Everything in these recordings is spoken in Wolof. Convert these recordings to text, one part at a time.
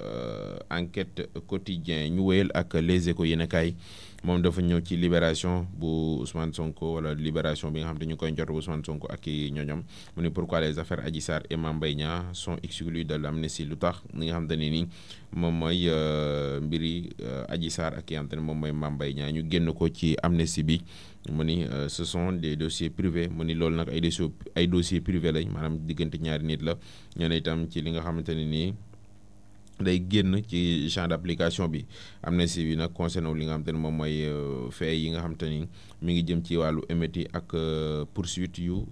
Euh, enquête quotidien ñu wéyal ak les échos yéen a kaay moom dafa ñëw ci libération bu Ousmane Sonko wala libération bi nga xam te ñu koy jot bu Ousmane Sonko ak i ñoñom mu ne pourquoi les affaires Adji Sarr et Mame Mbaye Niang sont exclues lu tax li nga xam ne ni moom mooy euh, mbiri euh, Adji Sarr ak yi nga xam te ne moom mooy Mame Mbaye Niang ñu génn ko ci amnistie bi mu ni ce sont des dossiers privés mu ni loolu nag ay dossiers ay dossiers privés lañ maanaam diggante ñaari nit la ñoo ne itam ci li nga xamante ne nii day génn ci champ bi am na si bi nag concerné li nga xam te ne moom mooy euh, fee yi nga xam te ni mi ngi jëm ci wàllu émeutes yi ak euh, poursuite yu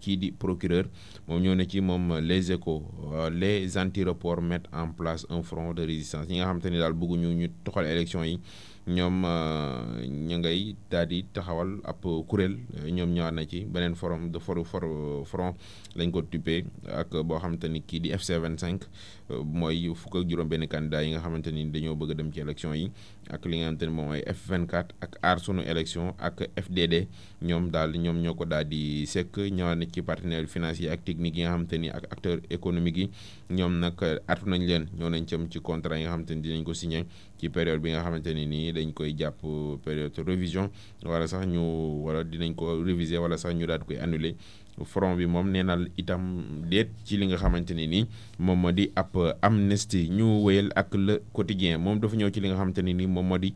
kii di procureur moom ñoo ne ci moom les échos euh, les anti-report mettent en place un front de résistance ñi nga xamante ni daal bëgguñu ñu toxal élection yi ñoom euh, ñu ngay daal taxawal ab kuréel ñoom ñëwaat na ci beneen forum de for for front lañ ko tuppee ak boo xamante ni kii di FC 25 mooy fukk juróom-benn candidat yi nga xamante ni dañoo bëgg dem ci élection yi ak li nga xamante ni mooy F24 ak aar sunu élection ak FDD ñoom daal ñoom ñoo ko daal di sekk ñëwaat na ci partenaire financier ak technique yi nga xamante ni ak acteur économique yi ñoom nag artu nañu leen ñoo nañ cëm ci contrat yi nga xamante ni dinañ ko signé ci période bi nga xamante ni nii dañ koy jàpp période révision wala sax ñu wala dinañ ko réviser wala sax ñu daal koy annuler front bi moom nee na itam déet ci li nga xamante ne nii moom ma di ab amnistie ñu wéyal ak le quotidien moom dafa ñëw ci li nga xamante ne nii moom moo di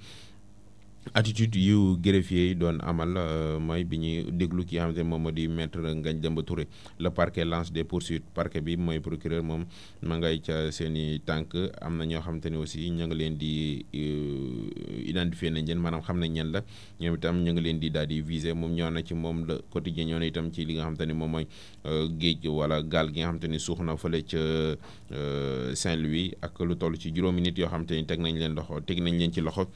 attitude yu greffier yi doon amal euh, mooy bi ñuy déglu ki nga xamante ne moom moo di maître Ngagne Demba Touré le parquet lance des poursuites parquet bi mooy procureur moom ma ngay ca seen i tànk am na ñoo xamante ne aussi ñu ngi leen di euh, identifier na leen maanaam xam nañ ñen la ñoom itam ñu ngi leen di daal di viser moom ñoo na ci moom le quotidien ñoo na itam ci li nga xamante ne moom mooy euh, géej wala gaal gi nga xamante ni suux na fële ca Saint-Louis ak lu toll ci juróomi nit yoo xamante ni teg nañ leen loxo teg nañ leen ci loxo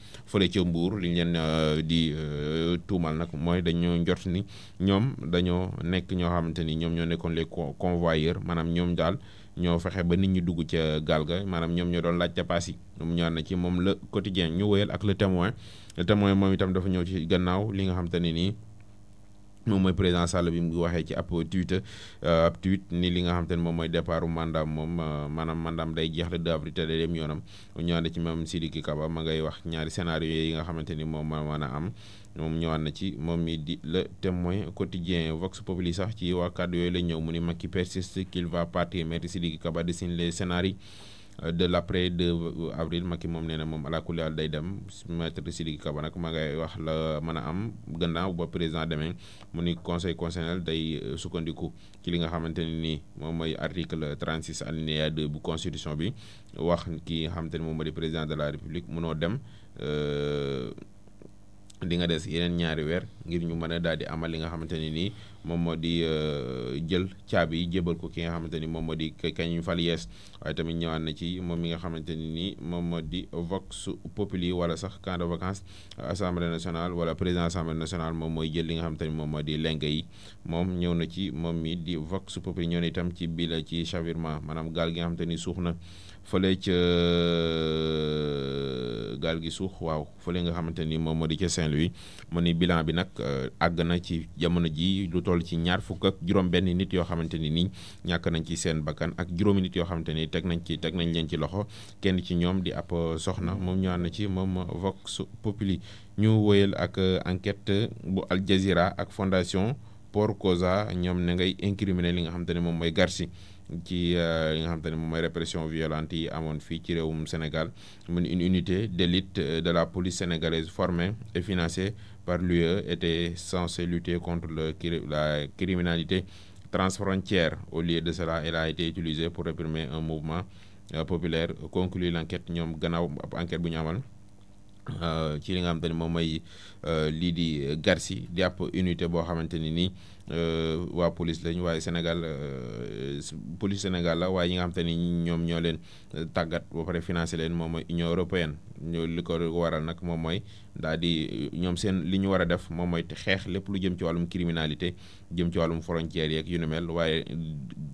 leen euh, di euh, tuumal nag mooy dañoo njort ni ñoom dañoo nekk ñoo xamante ni ñoom ñoo nekkoon les convoyeurs maanaam ñoom daal ñoo fexe ba nit ñi dugg ca gaal ga maanaam ñoom ñoo doon laaj ca paas yi ñoom ñëwaat na ci moom la quotidien ñu wëyal ak le témoin le témoin moom itam dafa ñëw ci gannaaw li nga xamante ne nii. moom mooy président Sall bi mu waxee ci ab tweet euh, ab tweet ni li nga xam te ne moom mooy départu mandaam moom euh, maanaam mandaam day jeex le 2 avril te day dem yoonam ñëwaat na ma ngay wax ñaari scénario yi nga xamante ni moom ma mën a am moom ñëwaat na ci moom mi di le témoin quotidien Vox Populi sax ci waa kàddu yooyu la ñëw mu ni Macky persiste qu'il va partir maître Sidiki Kaba dessine les scénarios de l' après 2 avril ki moom nee na moom alaakulli day dem maître Sidiki Kaba nag ma ngay wax la mën a am gannaaw ba président demee mu ni conseil constitutionnel day euh, sukkandiku ki li nga xamante ne nii moom mooy article 36 alinéa 2 bu constitution bi wax ki nga xamante ne moom moo di président de la république mënoo dem. Euh, di nga des yeneen ñaari weer ngir ñu mën a daal di amal li nga xamante ne nii moom moo di euh, jël caabi yi jébal ko ki nga xamante ni moom moo di kañ fal yees waaye tamit ñëwaan na ci moom mi nga xamante ni nii moom moo di vox populi wala sax camp de vacances assemblée nationale wala président assemblée nationale moom mooy jël li nga xamante ni moom moo di lenk yi moom ñëw na ci moom mi di vox populi ñëw na itam ci bi la ci chavirement maanaam gaal gi nga xamante ni suux na fële ca euh, gaal gi suux waaw fële nga xamante ni moom moo di ca Saint-Louis mu ni bilan bi nag euh, àgg na ci jamono ji lu toll ci ñaar fukk ak juróom benn nit yoo xamante ni nii ñàkk nañ ci seen bakkan ak juróomi nit yoo xamante ni teg nañ ci teg nañ leen ci loxo kenn ci ñoom di app euh, soxna moom ñu ànd ci moom Vox Populi ñu woyal ak euh, enquête bu Al Jazeera ak fondation Porcosa ñoom ne ngay incriminé li nga xamante ne moom mooy garsi ci li euh, a xam te ne moom mooy répression violente yi amoon fii ci réewum Sénégal mu une unité d'élite euh, de la police sénégalaise formée et financée par l'UE était censée lutter contre le, la criminalité transfrontière. Au lieu de cela, elle a été utilisée pour réprimer un mouvement euh, populaire. Conclut l'enquête, nous avons enquête. Euh, ci li nga xam te ne moom mooy Euh, lii di euh, Garci di ab unité boo xamante ni nii euh, waa police lañ waaye Sénégal police Sénégal la waaye ñi nga xamante ni ñoom ñoo leen tàggat ba pare financé leen moom mooy Union européenne li ko waral nag moom mooy daal di ñoom seen li ñu war a def moom mooy xeex lépp lu jëm ci wàllum criminalité jëm ci wàllum frontières yeeg yu nu mel waaye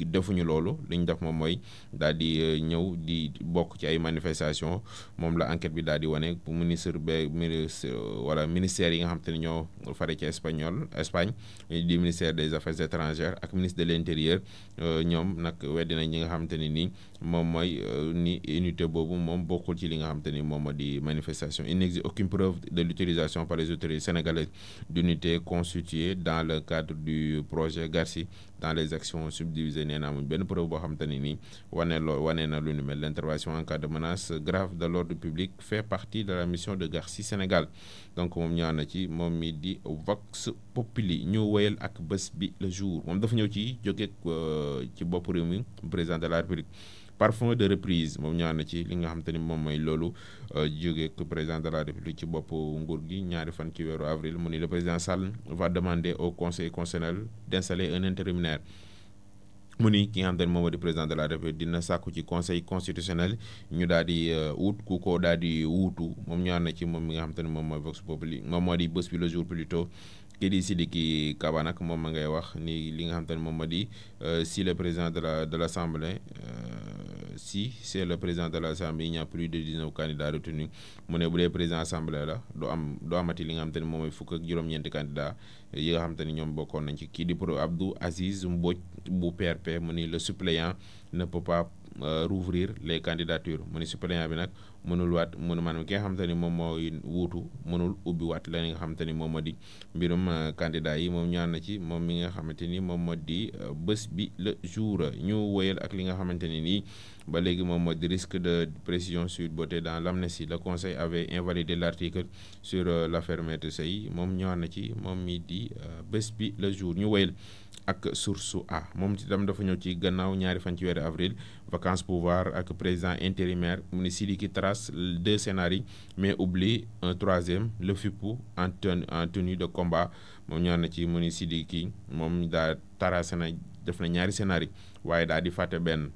defuñu loolu li ñu def moom mooy daal di ñëw di bokk ci ay manifestation moom la enquête bi daal di wane ministre ba ministre wala ministères yi nga xam te ne ñoo fare ci espagnol Espagne di ministère des affaires étrangères ak ministre de l' intérieur euh, ñoom nag weddi nañ ñi nga xam te ne ni moom mooy euh, ni unité boobu moom bokkul ci li nga xam ni moom moo di manifestation il n' existe aucune preuve de l'utilisation par les autorités sénégalaises d' unité constituée dans le cadre du projet Garci dans les actions subdivisées nee na benn preuve boo xam ne nii wane loo wane na lu nu mel l' intervention en cas de menace grave de l' public fait partie de la mission de Garci Sénégal donc moom ñaan na ci moom mi di Vox Populi ñu wéyal ak bés bi le jour moom dafa ñëw ci jóge euh, ci bopp réew mi président de la République parfum de reprise moom ñaan na ci li nga xam te ni moom mooy loolu euh, jóge ko président de la république ci bopp nguur gi ñaari fan ci weeru avril mu ni le président Sall va demander au conseil constitutionnel d'installer un intérimaire mu ni ki nga xam te ne moom di président de la république dina sàkku ci conseil constitutionnel ñu daal di euh, wut ku ko daal di wuutu moom ñaan na ci moom mi nga xam te ne moom mooy vox populi moom moo di bés bi le jour plutôt kii di Sidiki moom ma ngay wax ni li nga xam ne moom ma di euh, si le président de la de l'assemblée si c'est le président de l'Assemblée il n'y a plus de 19 candidats retenus mu ne bu dee président assemblée la du am du amati li nga xam te ne moom mooy fukk ak juróom-ñeenti candidat yi nga ñoom bokkoon nañ ci kii di pour Abdou Aziz Mbodj bu PRP mu ni le suppléant ne peut pas euh, rouvrir les candidatures mu ni suppléant bi nag mënul waat mënu maanaam ki nga xam ni moom mooy wuutu mënul ubbi waat la nga xam te ni moom moo di mbirum euh, candidat yi moom ñaan na ci moom mi nga xamante ni moom moo di euh, bés bi le jour ñu woyal ak li nga xamante ni nii ba léegi moom mooy de risque de pression sur beauté dans l'amnistie le conseil avait invalidé l'article sur euh, l'affaire Maître Sèye moom ñëwaat na ci moom mii di euh, bés bi le jour ñu wéyal ak source a moom itam dafa ñëw ci gannaaw ñaari fan weer weeru avril vacances pouvoir ak président intérimaire mu ne Sidiki trace deux scénarios mais oublie un troisième le FIPU en en tenue de combat moom ñëwaat na ci mu ne Sidiki moom daa tarase na def na ñaari scénario waaye daal di fàtte benn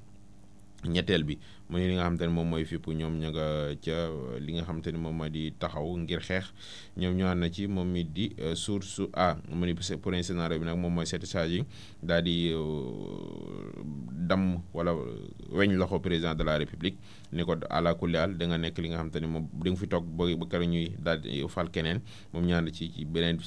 ñetteel bi muy li nga xamante ne moom mooy fipp ñoom ña nga ca li nga xamante ni moom moo di taxaw ngir xeex ñoom ñoo ànd na ci moom mi di euh, source a mu ni premier bi nag moom mooy satisage yi daal di euh, damm wala weñ loxo président de la république ni ko àla kullial da nga nekk li nga xamante ni moom di nga fi toog ba ba kër ñuy daal di euh, fal keneen moom ñaan ci ci beneen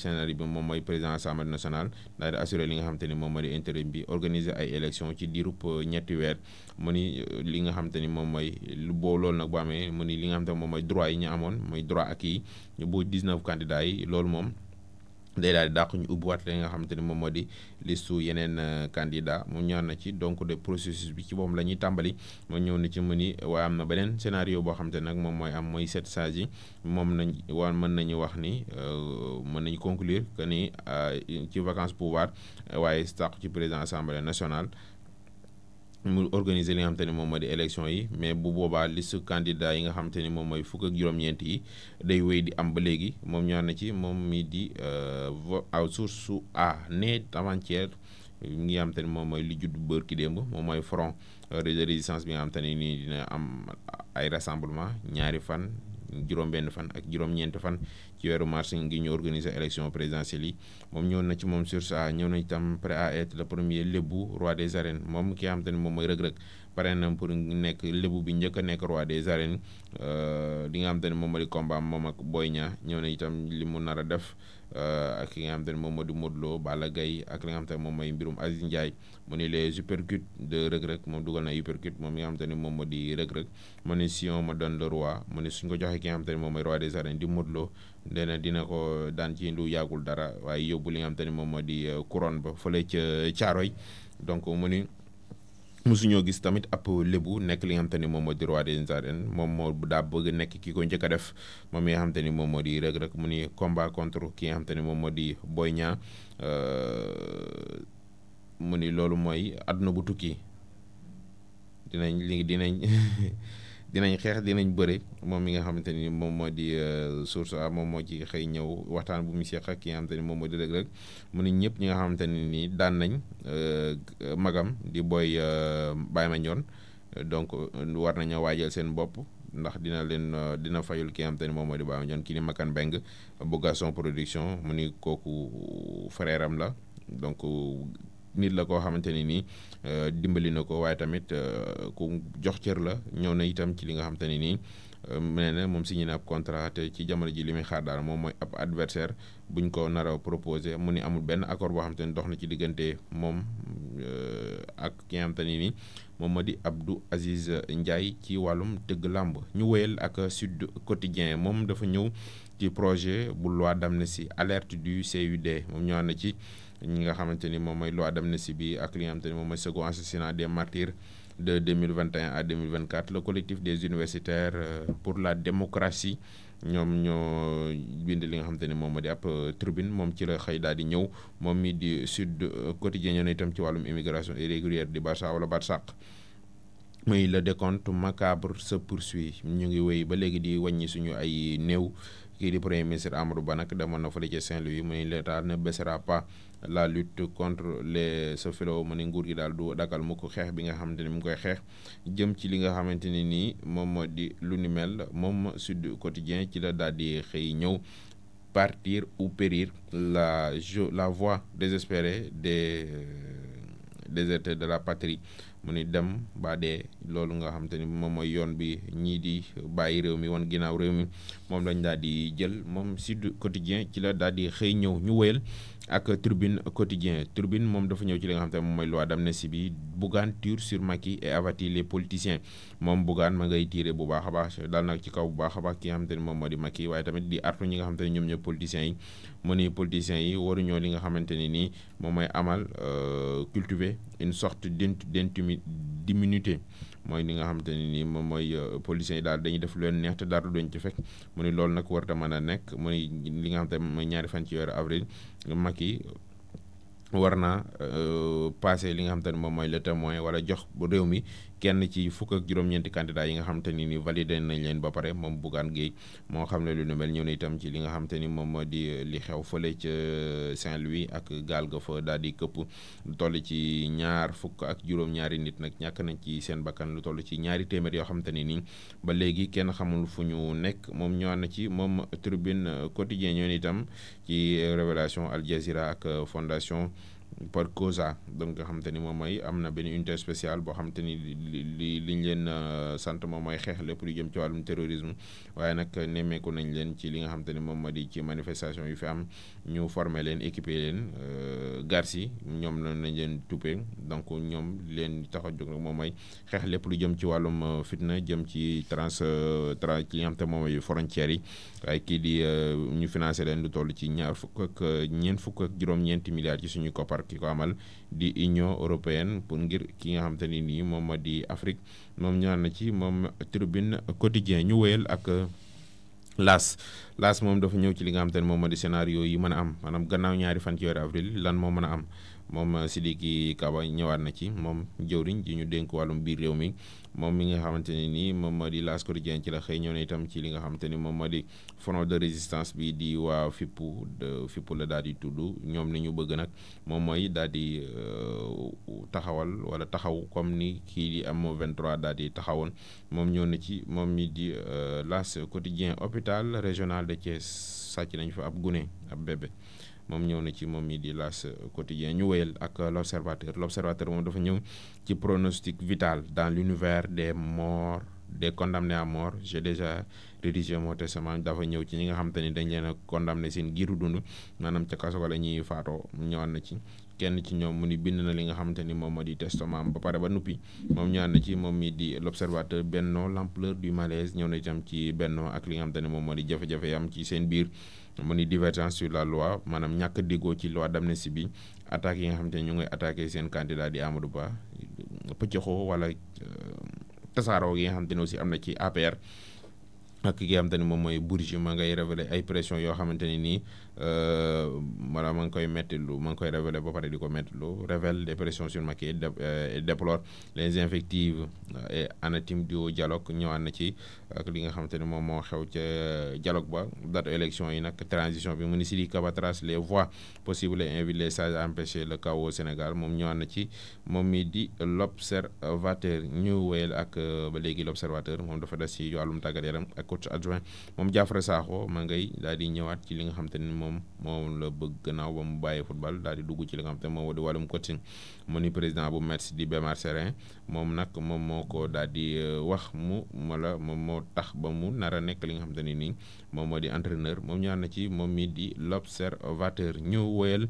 moom mooy président assemblée nationale daal di assurer li nga xamante ni moom moo di intérim bi organiser ay élection ci diirub ñetti weer mu ni li nga xamante ni moom mooy lu boo loolu nag boo amee mu ni li nga xam te moom mooy droit yi ñu amoon mooy droit ak yi ñu boo 19 candidats yi loolu moom day daal di dàq ñu ubbiwaat li nga xamante ni moom moo di listu yeneen euh, candidat mu ñaar na ci donc de processus bi ci moom la ñuy tàmbali mu ñëw na ci mu ni waaye am na beneen scénario boo xamante ne nag moom mooy am mooy sept sages yi moom nañ waa mën nañu wax ni euh, mën nañu conclure que ni euh, ci vacances pouvoir waaye sàq ci président assemblée nationale mu organiser li nga xamante ni moom moo di élection yi mais bu boobaa liste candidat yi nga xamante ni moom mooy fukk ak juróom-ñeent yi day wéy di am ba léegi moom ñaar na ci moom mi di aw euh, source su a ne avant-hier ngi xamante ni moom mooy li judd bër ki démb moom mooy front de bi nga xamante ni nii dina am ay rassemblement ñaari fan juróom-benn fan ak juróom-ñeent fan ci weeru mars ngir ñu organiser élection présidentielle yi moom ñëw na ci moom sur ça ñëw na itam prêt à être le premier lébu roi des arènes moom ki nga xamante ne moom mooy rëg-rëg pare na pour nekk lébu bi njëkk a nekk roi des arènes euh, li nga xamante ne moom moo di combat moom ak Boy Niang ñëw na itam li mu nar a def euh, ak ki nga xamante ne moom moo di Modou Lo Balla Gaye ak li nga xamante ne moom mooy mbirum Aziz Ndiaye mu ni les uppercuts de rëg-rëg moom dugal na uppercut moom mi nga xamante ne moom moo di rëg-rëg mu ni si on me donne le roi mu ni suñ ko joxee ki nga xamante ne moom mooy roi des arènes di Modou Lo nee dina ko daan ci lu yàggul dara waaye yóbbu li nga xam te moom moo di euh, couronne ba fële ca Caaroy euh, donc mu ni mosuñoo gis tamit ab lébu nekk li nga xam ni moom moo di roi des arènes moom moo daa nekk ki ko njëkk def moom mi nga xam ni moom moo di Reug Reug mu ni combat contre ki nga xam ni moom moo di Boy Niang euh, mu ni loolu mooy àdduna bu tukki dina li dinañ xeex dinañ bëre moom mi nga xamante ni moom moo di euh, source a moom moo ci xëy ñëw waxtaan bu mu seeq ki nga xamante ni moom moo di Reug Reug mu ne ñëpp ñi nga xamante ne ni daan nañ euh, magam di booy euh, Baye Mandione donc war nañoo waajal seen bopp ndax dina leen dina fayul ki nga xamante ni moom moo di Baye Mandione kii di Makan Beng bu Gaston production mu ni kooku frère am la donc nit la koo xamante ne nii euh, dimbali na ko waaye tamit euh, ku jox cër la ñëw na itam ci li nga xamante ne nii euh, nee na moom signé na ab contrat te ci jamono ji li muy xaar daal moom mooy ab adversaire buñ ko nar proposé mu ni amul benn accord boo xamante ni dox na ci diggante moom ak ki nga xamante ne nii moom ma di Abdou Aziz Ndiaye ci wàllum tëgg làmb ñu wéyal ak Sud Quotidien moom dafa ñëw ci projet bu loi d'amnistie alerte du CUD moom ñëwaat na ci. ñi nga xamante ni moom mooy loi d'amnistie bi ak li nga xamante ni moom mooy second assassinat des martyrs de 2021 à 2024 le collectif des universitaires euh, pour la démocratie ñoom ñoo bind li nga xamante ni moom moo di ab euh, tribune moom ci la xëy daal di ñëw moom mi di sud euh, quotidien ñoo itam ci wàllum immigration irrégulière di Barça wala Barsàq muy le décompte macabre se poursuit ñu ngi wéy ba léegi di waññi suñu ay néew kii di premier ministre Amadou Ba nag demoon na fële ca Saint-Louis mu ne l'état ne baissera pas la lutte contre le les sophilos mu ne nguur gi daal du dakkal mukk xeex bi nga xamante ni mu koy xeex jëm ci li nga xamante ni nii moom moo di lu ni mel moom Sud Quotidien ci la daal di xëy ñëw partir ou périr la jo la voie désespérée des euh, déserteurs de la patrie mu ni dem baa dee loolu nga xam te ni moom mooy yoon bi ñii di bàyyi réew mi woon ginnaaw réew mi moom lañ daal di jël moom Sud Quotidien ci la daal di xëy ñëw ñu wéyal ak Tribune Quotidien Tribune moom dafa ñëw ci li nga xam te moom mooy loi d'amnistie bi Bougane tire sur Macky et avertit les politiciens moom Bougane ma ngay tiire bu baax a baax daal nag ci kaw bu baax a baax ki nga xam te ne moom ma di Macky waaye tamit di artu ñi nga xam te ne ñoom ñoo politiciens yi mu ni politiciens yi waruñoo li nga xamante ne nii moom mooy amal euh, cultiver une sorte d' d'immunité mooy li nga xamante ne nii moom mooy euh, policiers yi daal dañuy def lu leen neex te dara duñ ci fekk mu ni loolu nag war na mën a nekk mu ni li nga xamante ne mooy ñaari fan ci weeru avril Macky war naa euh, passé li nga xamante ne moom mooy le témoin wala jox réew mi kenn ci fukk ak juróom-ñeenti candidat yi nga xam ni ni validé leen ba pare moom Bougane Gueye moo xam ne lu nu mel ñëw na itam ci li nga xam ni moom moo di euh, li xew fële ca euh, Saint-Louis ak gaal ga fa daal di këpp lu toll ci ñaar fukk ak juróom-ñaari nit nag ñàkk nañ ci seen bakkan lu toll ci ñaari téeméer yoo xam ni nii ba léegi kenn xamul fu ñu nekk moom ñëwaat na ci moom tribune quotidien ñoo itam ci euh, révélation Al Jazeera ak fondation par causa donc nga xam ni moom mooy am na benn unité spéciale boo xam ni li li liñ leen euh, sant moom mooy xeex lépp lu jëm ci wàllum terrorisme waaye nag nemmeeku nañ leen ci li nga xam te moom moo di ci manifestation yu fi am ñu former leen équiper leen euh, garsi ñoom la nañ leen tuppee donc ñoom leen tax a jóg moom mooy xeex lépp lu jëm ci wàllum euh, fitna jëm ci trans trans li nga xam te moom mooy frontières yi waaye kii di ñu financé leen lu toll ci ñaar fukk ak ñeent fukk ak juróom-ñeenti milliards ci suñu koppar Dakar ki ko amal di Union européenne pour ngir ki nga xam te ni nii moom ma di Afrique moom ñëwaat na ci moom tribune quotidien ñu wéyal ak euh, laas laas moom dafa ñëw ci li nga xam te ne moom ma di scénario yi mën a am maanaam gannaaw ñaari fan ci weeru avril lan moo mën a am moom Sidiki Kaba ñëwaat na ci moom jëwriñ ji ñu dénk wàllum biir réew mi moom mi nga xamante ne nii moom ma di L'As Quotidien ci la xëy ñëw na itam ci li nga xamante ni moom moo di front de résistance bii di waa fippu fippu la daal di tudd ñoom li ñu bëgg nag moom mooy daal di euh, taxawal wala taxaw comme ni kii di am 23 daal di taxawoon moom ñoo na ci moom mi di euh, L'As Quotidien hôpital régional de Thiès sàcc nañu fa ab gune ab bébé moom ñëw na ci moom mi di L'As quotidien ñu wéyal ak l'observateur l'observateur moom dafa ñëw ci pronostic vital dans l'univers des morts des condamnés à mort j'ai déjà rédigé mon testament dafa ñëw ci ñi nga xam ni dañ leen a condamné seen giiru dund maanaam ca kaso la ñuy faatoo ñëwaat na ci kenn ci ñoom mu ni bind na li nga xam ni moom moo di testament ba pare ba nuppi moom ñëwaat na ci moom mii di l'observateur Benno l'ampleur du malaise ñëw na itam ci Benno ak li nga xam moom moo di jafe-jafe ci seen biir mu ni divergence sur la loi maanaam ñàkk déggoo ci loi d'amnistie bi attaques yi nga xam te ñu ngi attaqué seen candidat di Amadou Ba pëccëxoo wala euh, tasaaroo yi nga xam te ne aussi am na ci APR ak ki nga xam te ne moom mooy Bourgi ma ngay révéler ay pression yoo xamante ne nii Euh, maanaam ma ngi koy méttilu ma ngi koy révélé ba pare di ko méttilu révèle des pressions sur Macky et euh, déplore les invectives euh, et anatime du dialogue ñëwaat na ci ak li nga xamante ne moom moo xew ca dialogue ba date élection yi nag transition bi mu ni Sidiki Kaba trace les voies possibles et invite les sages empêcher le chaos au Sénégal moom ñëwaat na ci moom mi di l'observateur ñu wéyal ak ba léegi l'observateur moom dafa des ci wàllum tàggat yaram ak coach adjoint moom Diafra Sakho ma ngay daal di ñëwaat ci li nga moom moom la bëgg gannaaw ba mu bàyyi football daal di dugg ci li nga xam te moom moo di wàllum coaching mu ni président bu Metz di Bernard Serin moom nag moom moo ko daal di euh, wax mu wala moom moo tax ba mu nar nekk li nga xam te nii moom moo di entraîneur moom ñaar na ci moom mi di l'observateur ñëw woyal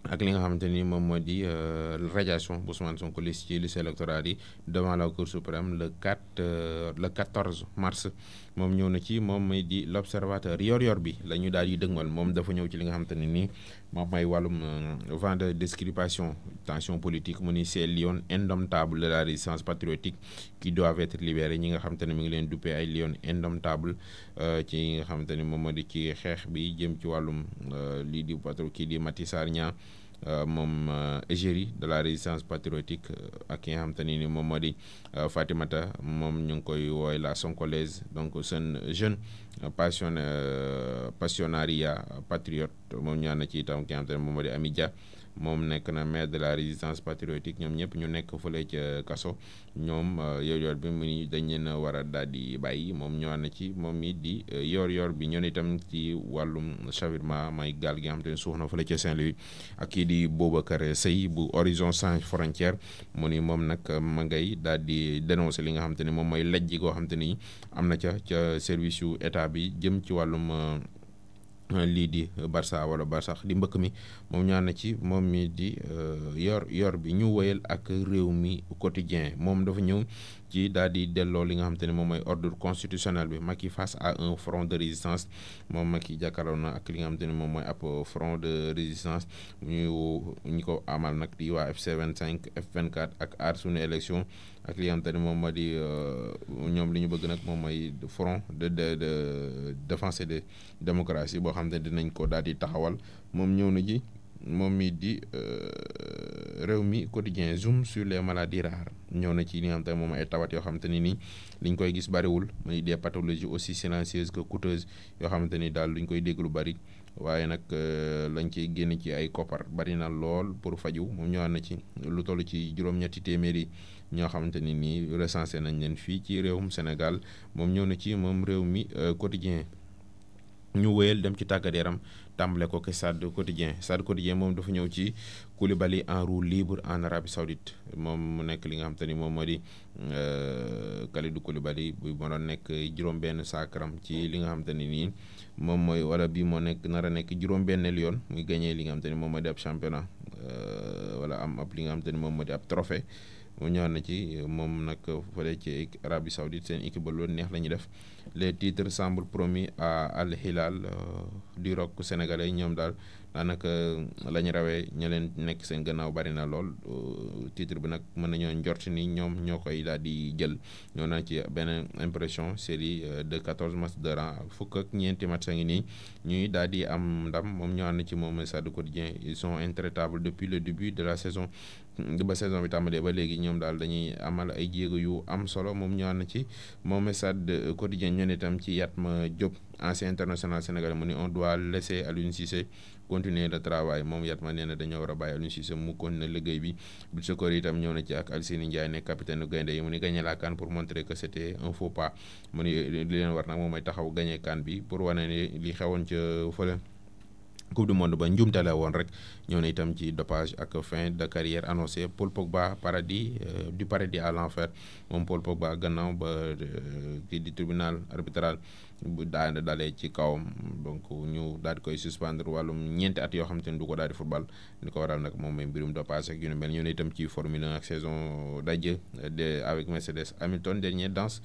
ak li nga xamante ni moom moo di euh, radiation bu Ousmane Sonko liste ci liste électorale yi devant la Cour suprême le 4 euh, le 14 mars moom ñëw na ci moom may di l' observateur yor-yor bi la ñu daal di dëgmal moom dafa ñëw ci li nga xamante ne nii. moom mooy wàllum euh, vent de discrimination tension politique mu ni c'est lion indomptable de la résistance patriotique qui doivent être libérés ñi nga xam te ne mi ngi leen duppee ay lion indomptable euh, ci nga xam te ne moom moo di ci xeex bi jëm ci wàllum euh, lii di patro kii di Maty sar Niang Euh, moom euh, égérie de la résistance patriotique euh, ak ki nga xam te ni moom moo di Fatimata moom ñu ngi koy wooy la Sonkolaise donc seen jeune passion passionnariat patriote moom ñaan na ci itam ki nga xam te moom moo di Amidia moom nekk na maire de la résistance patriotique ñoom ñëpp ñu nekk fële ca kaso ñoom euh, yor-yor bi mu dañ leen a war a daal di bàyyi moom ñoo na ci moom mii di euh, yoor yoor bi ñoo itam ci wàllum chavirement may gaal gi nga xam ne suux na fële ca Saint-Louis ak kii di Boubacar Seye bu Horizon Sans Frontières mu ni moom nag ma ngay daal di dénoncer li nga xam ne moom mooy lajj koo xam te ni am na ca ca service yu état bi jëm ci wàllum. Euh, lii di Barça wala Barsax di mbëkk mi moom ñaan na ci moom mi di euh, yor yor bi ñu woyal ak réew mi quotidien moom dafa ñëw ci daal di delloo li nga xam ne moom mooy ordre constitutionnel bi Macky face à un front de résistance moom Macky jàkkaarloo na ak li nga xam ne moom mooy ab front de résistance ñu ñu ko amal nag di waa FC 25 ak aar sunu élection ak li nga xamante ne moom ma di euh, ñoom li ñu bëgg nag moom mooy front de de de défense de démocratie boo xam ne dinañ ko daal di taxawal moom ñëw na ji moom mii di euh, réew mi quotidien zoom sur les maladies rares na ci li nga xam moom ay tawat yoo xamante ni nii liñ koy gis bëriwul muy des pathologies aussi silencieuses que coûteuses yoo xamante ni daal luñ koy dégg lu bëri waaye nag euh, lañ ciy génn ci ay koppar bari na lool pour faju moom ñëwaat na ci lu toll ci juróom-ñetti téeméeri. ñoo xamante ni nii recensé nañ leen fii ci réewum Sénégal moom ñëw na ci moom réew mi euh, quotidien ñu wéyal dem ci tàggat yaram tàmbale ko ke Stade Quotidien Stade Quotidien moom dafa ñëw ci Koulibaly en roue libre en Arabie Saoudite moom mu nekk li nga xam te ni moom moo di euh, Kalidou Koulibaly bi moo doon nekk juróom-benn saakaram ci li nga xam te ni nii moom mooy wala bii moo nekk nar a nekk juróom-benneelu yoon muy gagné li nga xam te moom moo di ab championnat euh, wala am ab li nga xam ni moom moo di ab trophée ñëwaat na ci moom nag fële ci Arabie Saoudite seen équipe ba neex la ñuy def les titres semblent promis à Al Hilal euh, du rock sénégalais ñoom daal daanaka euh, la rawee ña nekk seen gannaaw bari na lool euh, titre bi nag mën nañoo njort nii ñoom ñoo koy daal di jël ñoo naa ci beneen impression série de 14 matchs de rang fukk ñeenti match a ngi nii ñuy daal di am ndam moom ñoo na ci moom Sud Quotidien ils sont intraitables depuis le début de la saison ba bi tàmbalee ba léegi ñoom daal dañuy amal ay jéego yu am solo moom ñoo ànd ci moom Sud Quotidien ñoon itam ci ma Diop ancien international sénégalais mu ni on doit laisser Aliou Cissé continuer le travail moom Yatma ma na dañoo war a bàyyi Aliou Cissé mu continuer liggéey bi but sa koor itam ñëw na ci ak Alseni Ndiaye nekk capitaine gaynde yi mu ni gagné la CAN pour montrer que c' était un faux pas mu ni leen war nag moom mooy taxaw gagné CAN bi pour wane ni li xewoon ca fële coupe du monde ba njuumte la woon rek ñëw na itam ci dopage ak fin de carrière annoncée Paul Pogba paradis euh, du paradis à l'enfer moom Paul Pogba gannaaw ba euh, kii di tribunal arbitral bu daa dalee ci kawam donc ñu daal koy suspendre wàllum ñeenti at yoo xam te du ko daal di football li ko waral nag moom mooy mbirum dopage ak yu ne mel ñëw na itam ci Formule ak saison daje de avec Mercedes Hamilton dernier danse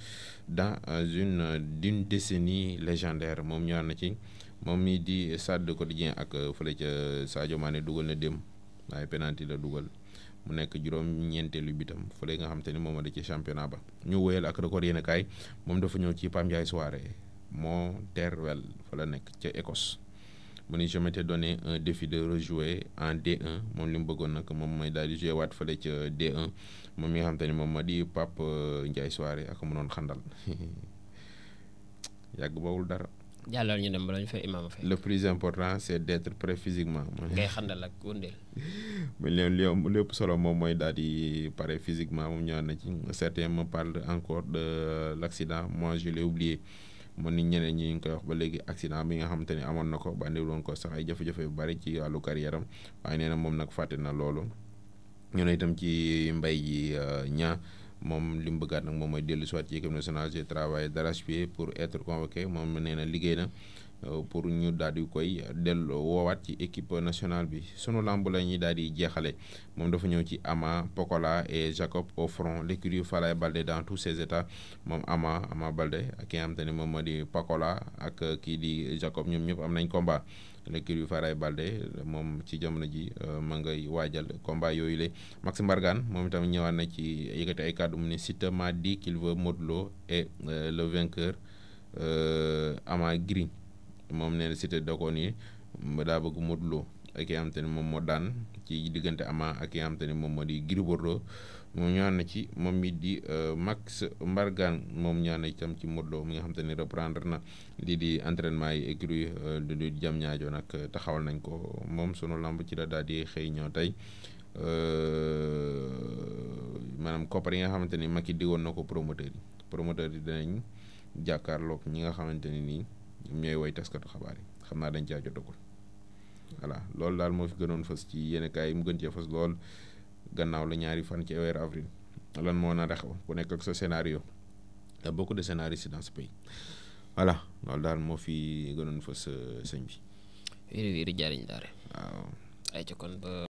dans une d'une décennie légendaire moom ñëwaat na ci. moom mii di Stade Quotidien ak euh, fële ca Sadio Mané dugal na dém waaye penalty la dugal mu nekk juróom ñeenteelu bitam fële nga xam te ni moom da ci championnat ba ñu wóyal ak record yéen a kaay moom dafa ñëw ci Pam Ndiaye soirée moo terwel fa la nekk ca Écosse mu ni je m'étais donné un défi de rejouer en D1 moom li mu bëggoon nag moom mooy daal di joué waat fële ca D1 moom mi nga xam te ni moom ma di Pape euh, Ndiaye soirée ak mu noon xandal yàgg bawul dara jàllal ñu dem ba ñu fa imaam fa le plus important c' est d' être prêt physiquement. ngay xandal ak wëndeel. lépp solo moom mooy daal di pare physiquement moom ñëwaat na ci certains me parlent encore de l' mois moi je l' ai oublié. mën ni ñeneen ñi ngi koy wax ba léegi accident bi nga xamante ni amoon na ko ba andiloon ko sax ay jafe-jafe yu bari ci wàllu carrière am waaye nee na moom nag fàtte na loolu ñu ne itam ci mbay ji ñaa moom li mu bëggaat nag moom mooy dellu siwaat ci équipe nationale j'ai travaillé d'arrache-pied pour être convoqué moom nee na liggéey na Euh, pour ñu daal di koy delloo woowaat ci équipe nationale bi sunu lamb la ñuy daal di jeexale moom dafa ñëw ci Ama Pokola et Jacob au front l'écurie Falaye Baldé dans tous ses états moom Ama Ama Baldé ak ki nga ne moom moo di Pokola ak kii di Jacob ñoom ñëpp am nañ combat yu Falaye Baldé moom ci jamono ji euh, ma ngay waajal combat yooyu la Max Mbargane moom itam ñëwaat na ci yëkkati ay kàddu mu ne Siteu m'a dit qu'il veut Modou Lo et euh, le vainqueur Ama moom nee na Siteu da ko ni daa bëgg Modou Lo ak yi moom moo daan ci diggante amaa ak yi ni moom moo di Gris moom ñaan na ci moom mi di euh, Max Mbargane moom ñaan na itam ci Modou mi nga xamante ni reprendre na lii di entraînement yi écurie euh, di jam ñaajo nag euh, taxawal nañ ko moom sunu lamb ci la daal di xëy ñëw tey maanaam koppar yi nga xamante ni Macky digoon na ko promoteur yi promoteur yi danañ jàkkaarloog ñi nga xamante ni nii ñoom ñooy woy taskatu xabaar yi xam naa dañ caa jotagul voilà loolu daal moo fi gënoon fës ci yenn kaay yi mu gën cee fës lool gannaaw la ñaari fan ci weeru avril lan moo nar a xew ku nekk ak sa scénario y a beaucoup de scénaristes dans ce pays voilà loolu daal moo fi gënoon fës euh, sëñ bi. wéeru wéeru jaariñ daare waaw